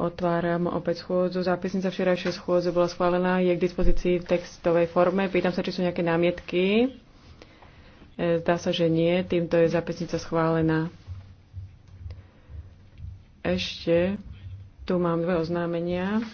Otváram opäť schôdzu. Zápisnica včerajšej schôdze bola schválená, je k dispozícii v textovej forme. Pýtam sa, či sú nejaké námietky. E, zdá sa, že nie. Týmto je zápisnica schválená. Ešte tu mám dve oznámenia.